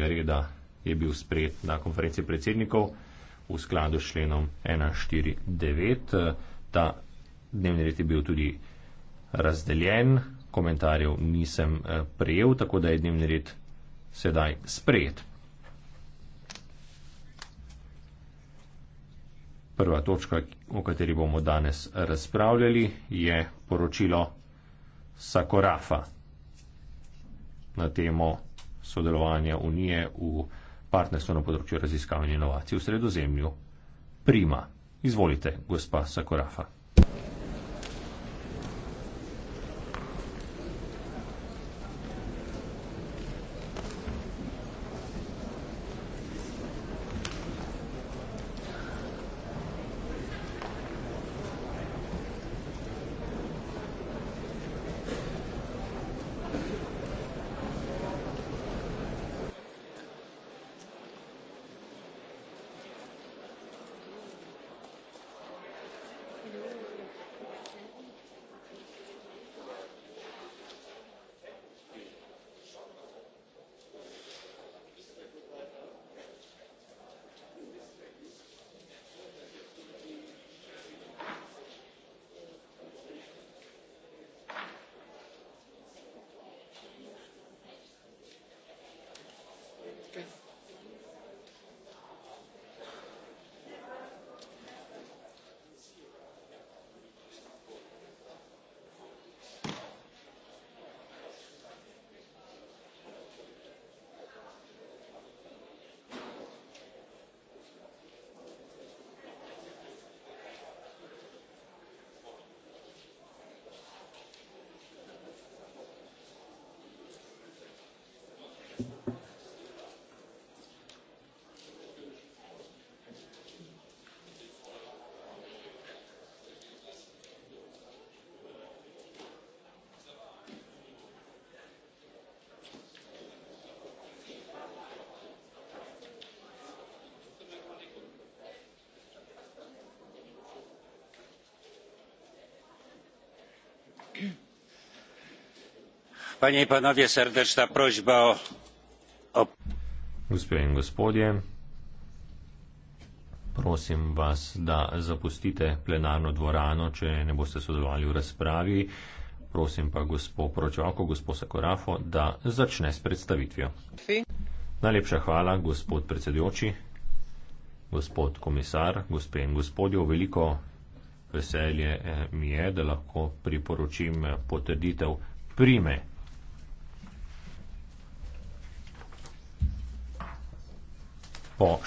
dnevnega reda je bil sprejet na konferenci predsednikov v skladu s členom 149. Ta dnevni red je bil tudi razdeljen, komentarjev nisem eh, prejel, tako da je dnevni red sedaj sprejet. Prva točka, o kateri bomo danes razpravljali, je poročilo Sakorafa na temo sodelovanja Unije v partnerstvu na področju raziskav in inovacij v sredozemlju. Prima. Izvolite, gospa Sakorafa. panie i panowie serdeczna prośba o gospe in gospodje prosim vas da zapustite plenarno dvorano če ne boste sodelovali v razpravi prosim pa gospo poročevalko gospo sakorafo da začne s predstavitvijo najlepša hvala gospod predsedujoči gospod komisar gospe in gospodje veliko veselje eh, mi je da lahko priporočim eh, potrditev prime po